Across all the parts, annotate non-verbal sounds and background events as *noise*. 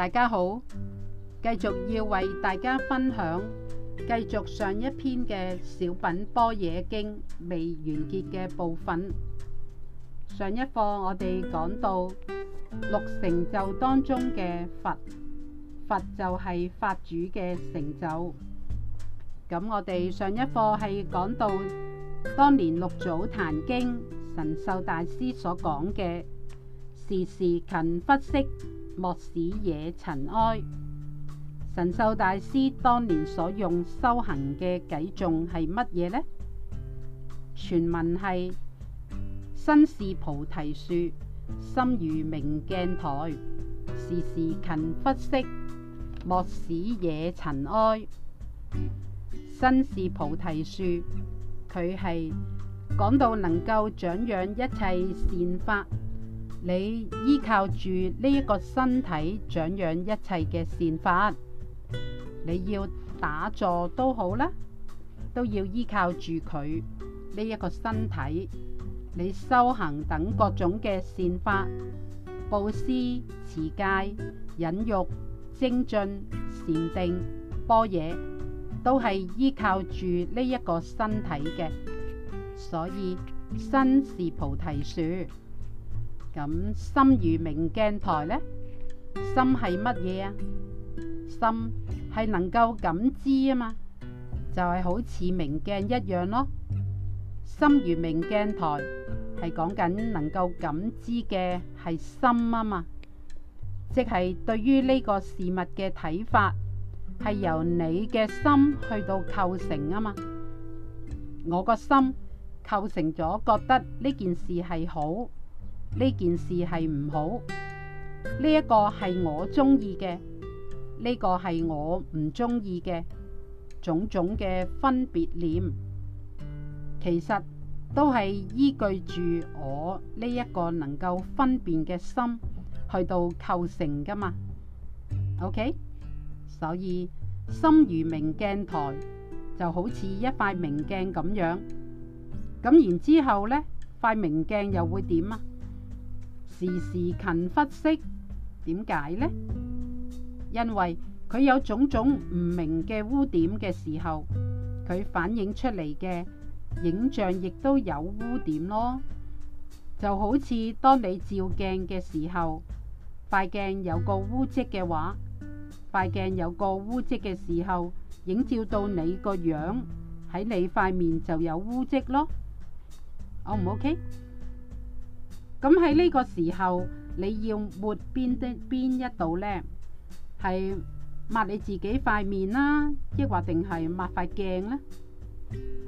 大家好，繼續要為大家分享繼續上一篇嘅小品般若經未完結嘅部分。上一課我哋講到六成就當中嘅佛，佛就係法主嘅成就。咁我哋上一課係講到當年六祖壇經神秀大師所講嘅時時勤拂拭。莫使惹塵埃。神秀大師當年所用修行嘅偈頌係乜嘢呢？傳聞係身是菩提樹，心如明鏡台，時時勤拂拭。莫使惹塵埃。身是菩提樹，佢係講到能夠長養一切善法。你依靠住呢一個身體長養一切嘅善法，你要打坐都好啦，都要依靠住佢呢一個身體。你修行等各種嘅善法、布施、持戒、忍辱、精進、禪定、般若，都係依靠住呢一個身體嘅。所以身是菩提樹。咁心如明鏡台呢？心係乜嘢啊？心係能夠感知啊嘛，就係好似明鏡一樣咯。心如明鏡台係講緊能夠感知嘅係心啊嘛，即係對於呢個事物嘅睇法係由你嘅心去到構成啊嘛。我個心構成咗，覺得呢件事係好。呢件事係唔好，呢、這、一個係我中意嘅，呢、這個係我唔中意嘅，種種嘅分別念，其實都係依據住我呢一個能夠分辨嘅心去到構成噶嘛。OK，所以心如明鏡台就好似一塊明鏡咁樣，咁然之後呢塊明鏡又會點啊？時時勤拂拭，點解呢？因為佢有種種唔明嘅污點嘅時候，佢反映出嚟嘅影像亦都有污點咯。就好似當你照鏡嘅時候，塊鏡有個污漬嘅話，塊鏡有個污漬嘅時候，影照到你個樣喺你塊面就有污漬咯。O 唔 OK？咁喺呢個時候，你要抹邊啲邊一度呢？係抹你自己塊面啦，抑或定係抹塊鏡呢？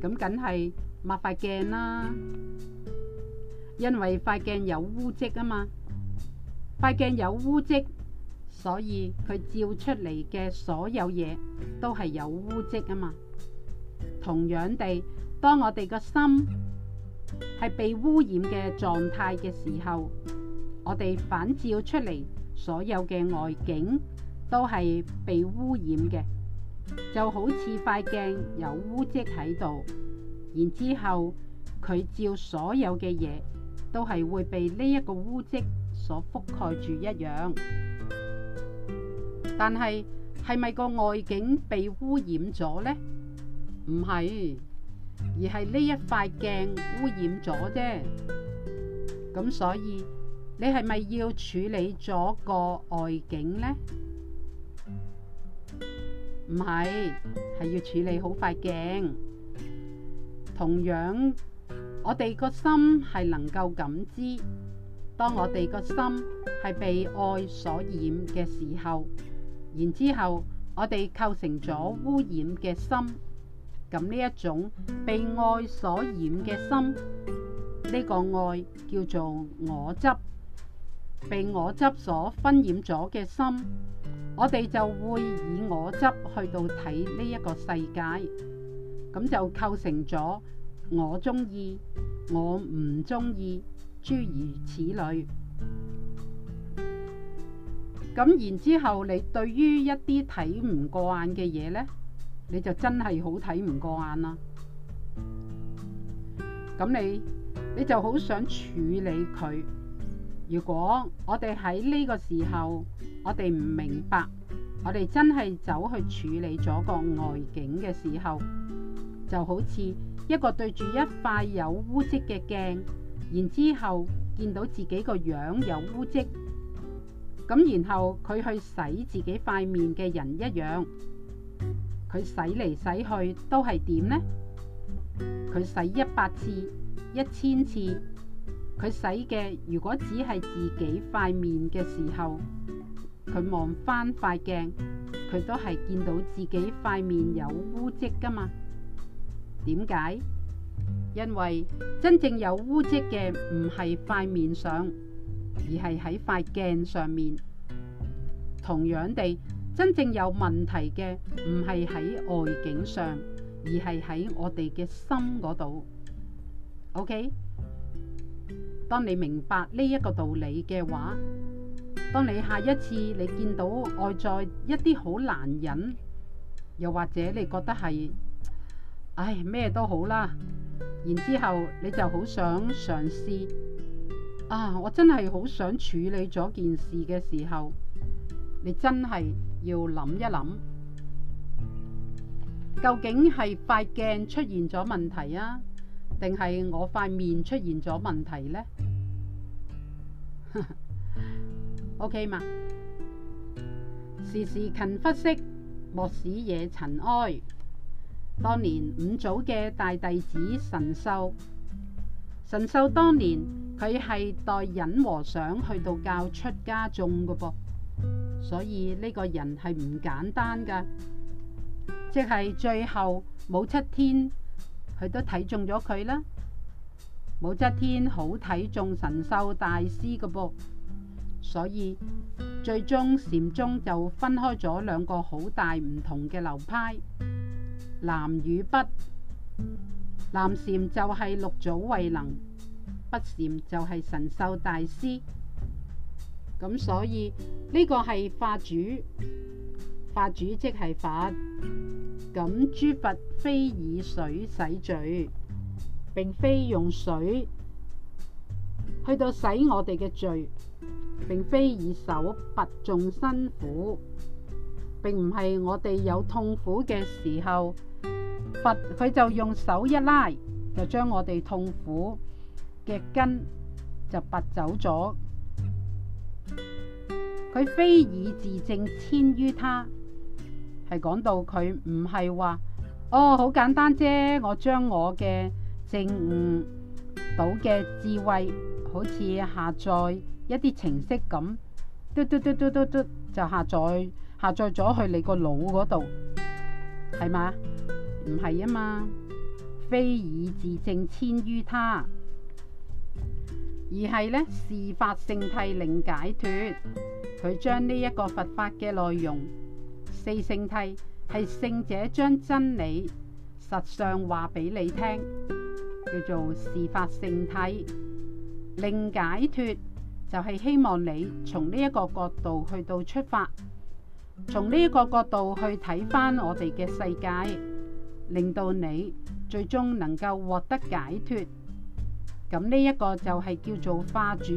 咁梗係抹塊鏡啦，因為塊鏡有污漬啊嘛。塊鏡有污漬，所以佢照出嚟嘅所有嘢都係有污漬啊嘛。同樣地，當我哋個心。係被污染嘅狀態嘅時候，我哋反照出嚟所有嘅外景都係被污染嘅，就好似塊鏡有污漬喺度，然之後佢照所有嘅嘢都係會被呢一個污漬所覆蓋住一樣。但係係咪個外景被污染咗呢？唔係。而係呢一塊鏡污染咗啫，咁所以你係咪要處理咗個外景呢？唔係，係要處理好塊鏡。同樣，我哋個心係能夠感知，當我哋個心係被愛所染嘅時候，然之後我哋構成咗污染嘅心。咁呢一種被愛所染嘅心，呢個愛叫做我執，被我執所燻染咗嘅心，我哋就會以我執去到睇呢一個世界，咁就構成咗我中意、我唔中意諸如此類。咁然之後，你對於一啲睇唔慣嘅嘢呢？你就真係好睇唔過眼啦。咁你你就好想處理佢。如果我哋喺呢個時候，我哋唔明白，我哋真係走去處理咗個外景嘅時候，就好似一個對住一塊有污跡嘅鏡，然之後見到自己個樣有污跡，咁然後佢去洗自己塊面嘅人一樣。佢洗嚟洗去都係點呢？佢洗一百次、一千次，佢洗嘅如果只係自己塊面嘅時候，佢望翻塊鏡，佢都係見到自己塊面有污跡噶嘛？點解？因為真正有污跡嘅唔係塊面上，而係喺塊鏡上面。同樣地，真正有問題嘅唔係喺外景上，而係喺我哋嘅心嗰度。OK，當你明白呢一個道理嘅話，當你下一次你見到外在一啲好難忍，又或者你覺得係唉咩都好啦，然之後你就好想嘗試啊，我真係好想處理咗件事嘅時候，你真係～要諗一諗，究竟係塊鏡出現咗問題啊，定係我塊面出現咗問題呢？OK 嘛？時時勤拂拭，莫使惹塵埃。當年五祖嘅大弟子神秀，神秀當年佢係代忍和尚去到教出家眾㗎噃。所以呢、這個人係唔簡單噶，即係最後武則天佢都睇中咗佢啦。武則天好睇中神秀大師嘅噃，所以最終禪宗就分開咗兩個好大唔同嘅流派，南與北。南禪就係六祖慧能，北禪就係神秀大師。咁所以呢個係法主，法主即係法。咁諸佛非以水洗罪，並非用水去到洗我哋嘅罪。並非以手拔眾生苦，並唔係我哋有痛苦嘅時候，佛佢就用手一拉，就將我哋痛苦嘅根就拔走咗。佢非以自證遷於他，係講到佢唔係話哦，好簡單啫，我將我嘅證悟到嘅智慧，好似下載一啲程式咁，嘟嘟嘟嘟嘟嘟就下載下載咗去你個腦嗰度，係嘛？唔係啊嘛，非以自證遷於他。而係咧，事法性諦令解脱，佢將呢一個佛法嘅內容，四聖諦係聖者將真理實相話俾你聽，叫做事法性諦，令解脱就係、是、希望你從呢一個角度去到出發，從呢一個角度去睇翻我哋嘅世界，令到你最終能夠獲得解脱。咁呢一個就係叫做化主，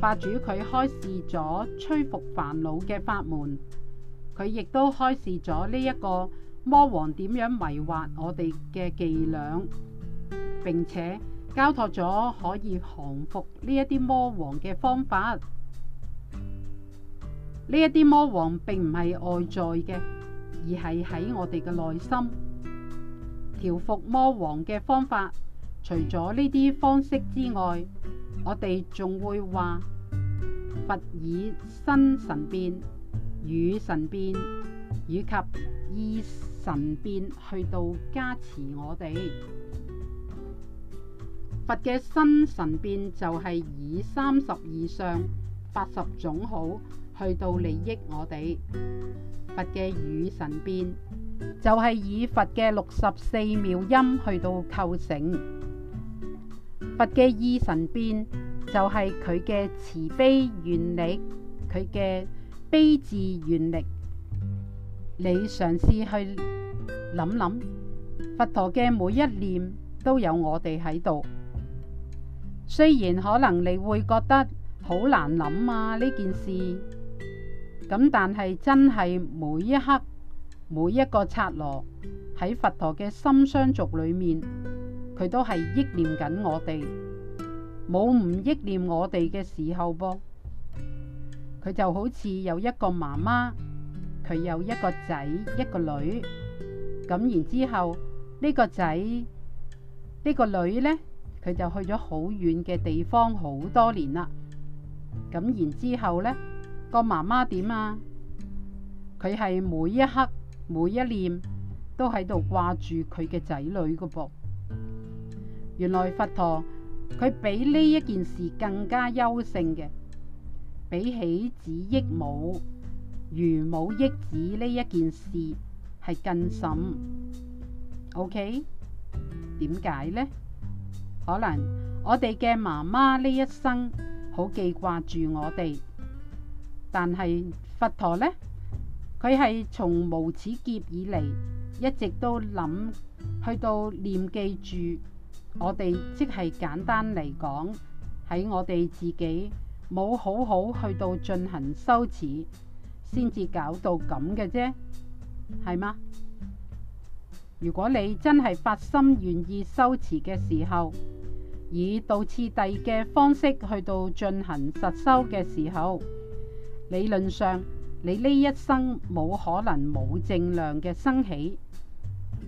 化主佢開示咗摧伏煩惱嘅法門，佢亦都開示咗呢一個魔王點樣迷惑我哋嘅伎倆，並且交託咗可以降服呢一啲魔王嘅方法。呢一啲魔王並唔係外在嘅，而係喺我哋嘅內心調服魔王嘅方法。除咗呢啲方式之外，我哋仲會話佛以身神變、語神變以及意神變去到加持我哋。佛嘅身神變就係以三十以上八十種好去到利益我哋。佛嘅語神變就係以佛嘅六十四妙音去到構成。佛嘅意神變就係佢嘅慈悲願力，佢嘅悲智願力。你嘗試去諗諗，佛陀嘅每一念都有我哋喺度。雖然可能你會覺得好難諗啊呢件事，咁但係真係每一刻每一個刹羅喺佛陀嘅心相續裏面。佢都係憶念緊我哋，冇唔憶念我哋嘅時候噃。佢就好似有一個媽媽，佢有一個仔一個女咁。然之後呢、呢個仔呢、呢個女呢，佢就去咗好遠嘅地方，好多年啦。咁然之後咧，個媽媽點啊？佢係每一刻每一念都喺度掛住佢嘅仔女個噃。原來佛陀佢比呢一件事更加優勝嘅，比起子憶母，如母憶子呢一件事係更深。OK，點解呢？可能我哋嘅媽媽呢一生好記掛住我哋，但係佛陀呢，佢係從無始劫以嚟一直都諗去到念記住。我哋即係簡單嚟講，喺我哋自己冇好好去到進行修持，先至搞到咁嘅啫，係嗎？如果你真係發心願意修持嘅時候，以道次第嘅方式去到進行實修嘅時候，理論上你呢一生冇可能冇正量嘅生起，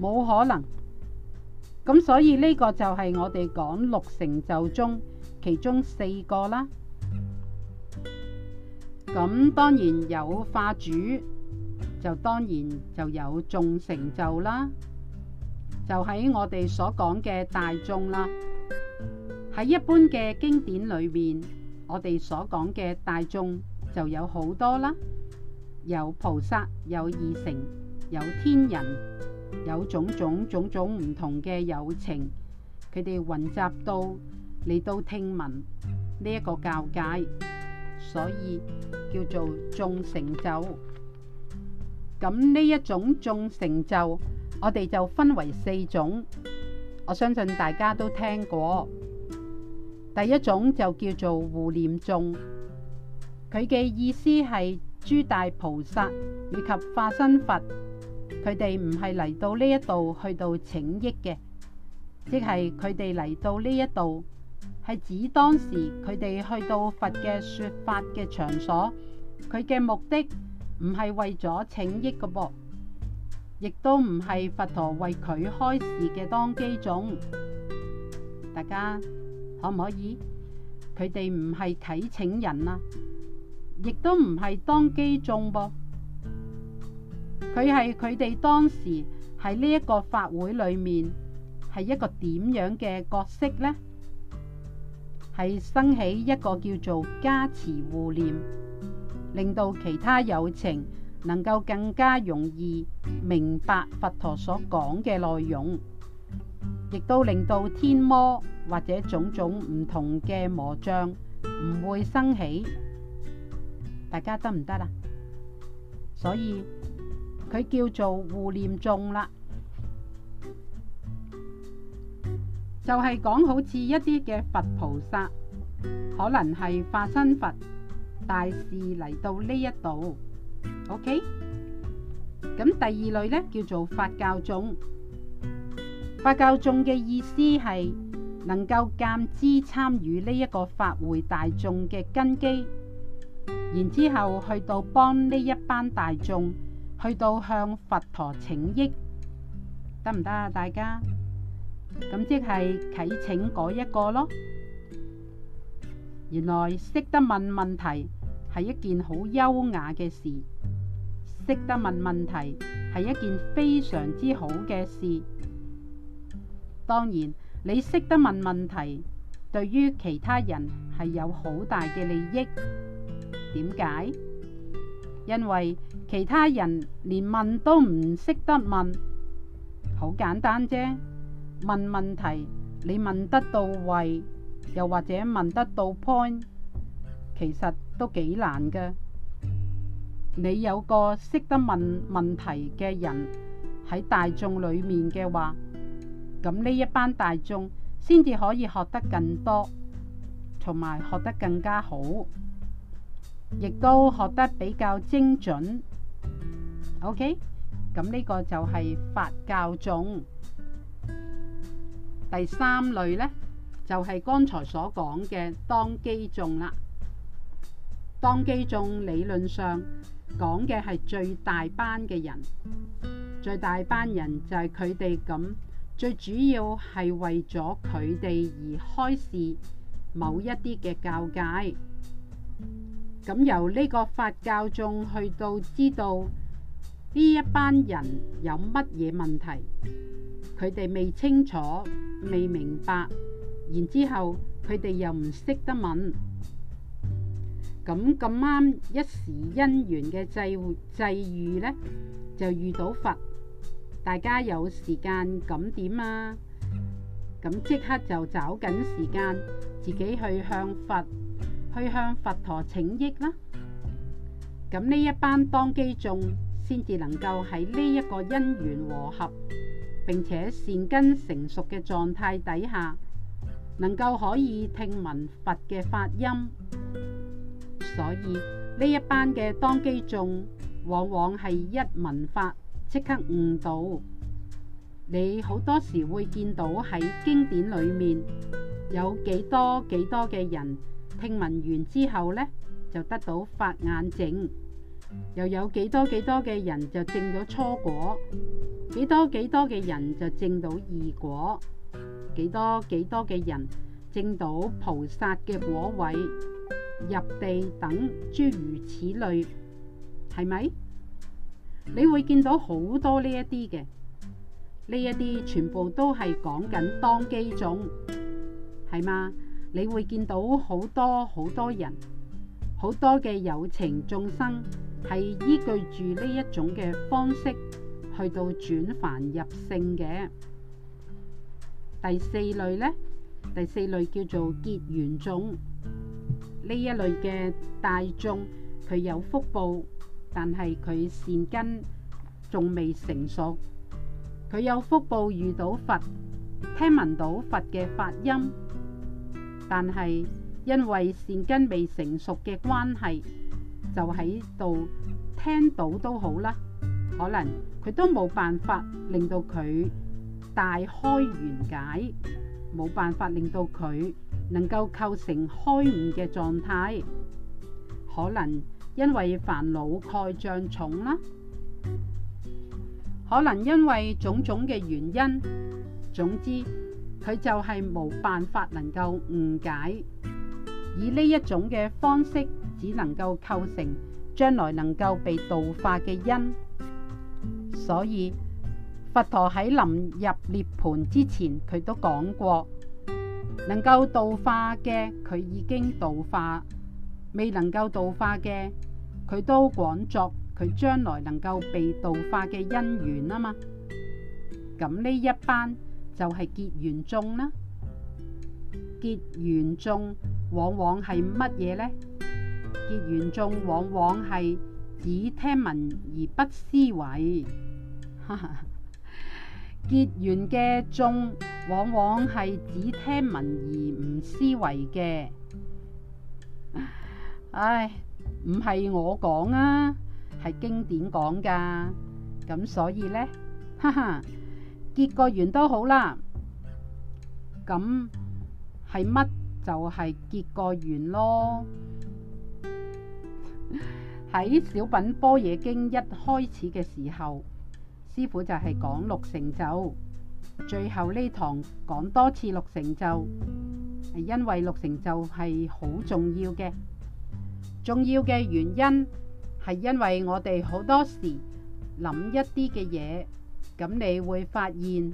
冇可能。咁所以呢個就係我哋講六成就中其中四個啦。咁當然有化主，就當然就有眾成就啦。就喺我哋所講嘅大眾啦。喺一般嘅經典裏面，我哋所講嘅大眾就有好多啦，有菩薩，有二乘，有天人。有種種種種唔同嘅友情，佢哋混雜到你都聽聞呢一、這個教界，所以叫做眾成就。咁呢一種眾成就，我哋就分為四種，我相信大家都聽過。第一種就叫做護念眾，佢嘅意思係諸大菩薩以及化身佛。佢哋唔係嚟到呢一度去到請益嘅，即係佢哋嚟到呢一度係指當時佢哋去到佛嘅説法嘅場所，佢嘅目的唔係為咗請益個噃，亦都唔係佛陀為佢開示嘅當機眾。大家可唔可以？佢哋唔係啟請人啊，亦都唔係當機眾噃、啊。佢係佢哋當時喺呢一個法會裏面係一個點樣嘅角色呢？係生起一個叫做加持護念，令到其他有情能夠更加容易明白佛陀所講嘅內容，亦都令到天魔或者種種唔同嘅魔障唔會生起。大家得唔得啊？所以。佢叫做護念眾啦，就係講好似一啲嘅佛菩薩，可能係化身佛大事嚟到呢一度。OK，咁第二類呢叫做法教眾，法教眾嘅意思係能夠鑒知參與呢一個法會大眾嘅根基，然之後去到幫呢一班大眾。去到向佛陀請益，得唔得啊？大家，咁即係啟請嗰一個咯。原來識得問問題係一件好優雅嘅事，識得問問題係一件非常之好嘅事。當然，你識得問問題，對於其他人係有好大嘅利益。點解？因為其他人連問都唔識得問，好簡單啫。問問題，你問得到位，又或者問得到 point，其實都幾難嘅。你有個識得問問題嘅人喺大眾裡面嘅話，咁呢一班大眾先至可以學得更多，同埋學得更加好。亦都學得比較精準，OK？咁呢個就係法教眾。第三類呢，就係、是、剛才所講嘅當機眾啦。當機眾理論上講嘅係最大班嘅人，最大班人就係佢哋咁，最主要係為咗佢哋而開示某一啲嘅教界。咁由呢個佛教眾去到知道呢一班人有乜嘢問題，佢哋未清楚、未明白，然之後佢哋又唔識得問，咁咁啱一時因緣嘅際際遇呢，就遇到佛，大家有時間咁點啊？咁即刻就找緊時間，自己去向佛。去向佛陀請益啦，咁呢一班當機眾先至能夠喺呢一個因緣和合，並且善根成熟嘅狀態底下，能夠可以聽聞佛嘅發音，所以呢一班嘅當機眾往往係一聞法即刻悟道。你好多時會見到喺經典裏面有幾多幾多嘅人。聽聞完之後呢，就得到法眼證，又有幾多幾多嘅人就證咗初果，幾多幾多嘅人就證到二果，幾多幾多嘅人證到菩薩嘅果位入地等諸如此類，係咪？你會見到好多呢一啲嘅，呢一啲全部都係講緊當機種，係嘛？你會見到好多好多人，好多嘅有情眾生係依據住呢一種嘅方式去到轉凡入聖嘅。第四類呢？第四類叫做結緣眾，呢一類嘅大眾，佢有福報，但係佢善根仲未成熟，佢有福報遇到佛，聽聞到佛嘅發音。但係，因為善根未成熟嘅關係，就喺度聽到都好啦。可能佢都冇辦法令到佢大開圓解，冇辦法令到佢能夠構成開悟嘅狀態。可能因為煩惱蓋障重啦，可能因為種種嘅原因。總之。佢就係冇辦法能夠誤解，以呢一種嘅方式，只能夠構成將來能夠被度化嘅因。所以佛陀喺臨入涅盤之前，佢都講過，能夠度化嘅佢已經度化，未能夠度化嘅佢都廣作佢將來能夠被度化嘅因緣啊嘛。咁呢一班。就係結緣眾啦，結緣眾往往係乜嘢呢？結緣眾往往係只聽聞而不思維，哈哈，結緣嘅眾往往係只聽聞而唔思維嘅。唉，唔係我講啊，係經典講噶。咁所以呢，哈哈。結個緣都好啦，咁係乜就係結個緣咯。喺 *laughs* 小品般若經一開始嘅時候，師傅就係講六成就，最後呢堂講多次六成就，係因為六成就係好重要嘅。重要嘅原因係因為我哋好多時諗一啲嘅嘢。咁你會發現，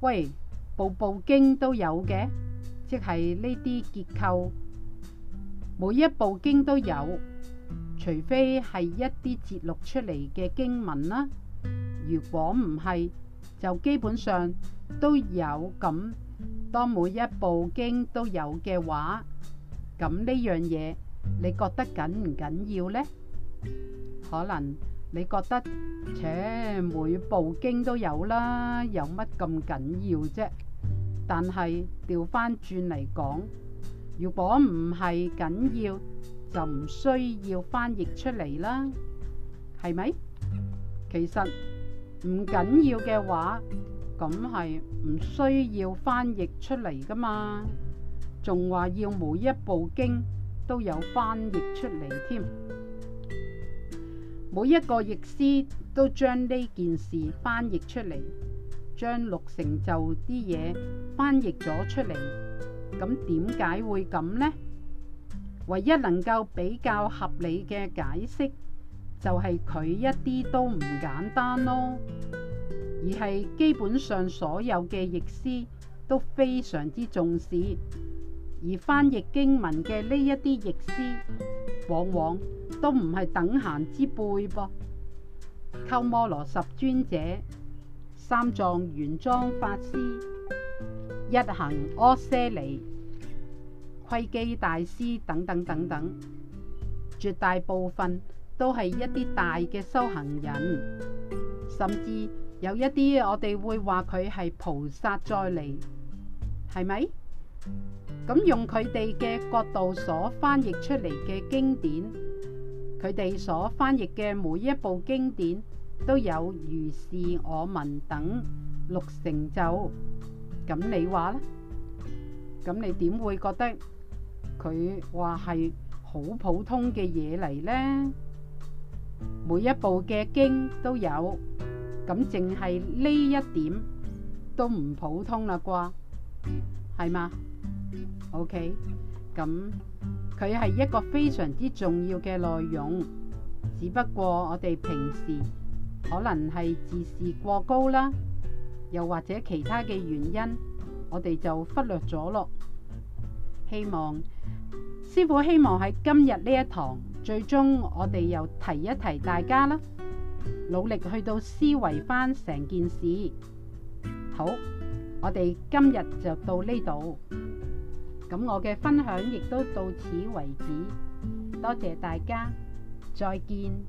喂，部部經都有嘅。即係呢啲結構，每一部經都有，除非係一啲節錄出嚟嘅經文啦。如果唔係，就基本上都有。咁當每一部經都有嘅話，咁呢樣嘢你覺得緊唔緊要呢？可能。你覺得，且每部經都有啦，有乜咁緊要啫？但係掉返轉嚟講，如果唔係緊要，就唔需要翻譯出嚟啦，係咪？其實唔緊要嘅話，咁係唔需要翻譯出嚟㗎嘛，仲話要每一部經都有翻譯出嚟添。每一個譯師都將呢件事翻譯出嚟，將六成就啲嘢翻譯咗出嚟。咁點解會咁呢？唯一能夠比較合理嘅解釋就係佢一啲都唔簡單咯，而係基本上所有嘅譯師都非常之重視。而翻譯經文嘅呢一啲譯師，往往都唔係等閒之輩噃。鳩摩羅什尊者、三藏玄奘法師、一行阿闍梨、窺基大師等等等等，絕大部分都係一啲大嘅修行人，甚至有一啲我哋會話佢係菩薩再嚟，係咪？咁用佢哋嘅角度所翻譯出嚟嘅經典，佢哋所翻譯嘅每一部經典都有如是我聞等六成就。咁你話呢？咁你點會覺得佢話係好普通嘅嘢嚟呢？每一部嘅經都有，咁淨係呢一點都唔普通啦啩，係嘛？O.K. 咁佢係一個非常之重要嘅內容，只不過我哋平時可能係自視過高啦，又或者其他嘅原因，我哋就忽略咗咯。希望師傅希望喺今日呢一堂，最終我哋又提一提大家啦，努力去到思維翻成件事。好，我哋今日就到呢度。咁我嘅分享亦都到此為止，多謝大家，再見。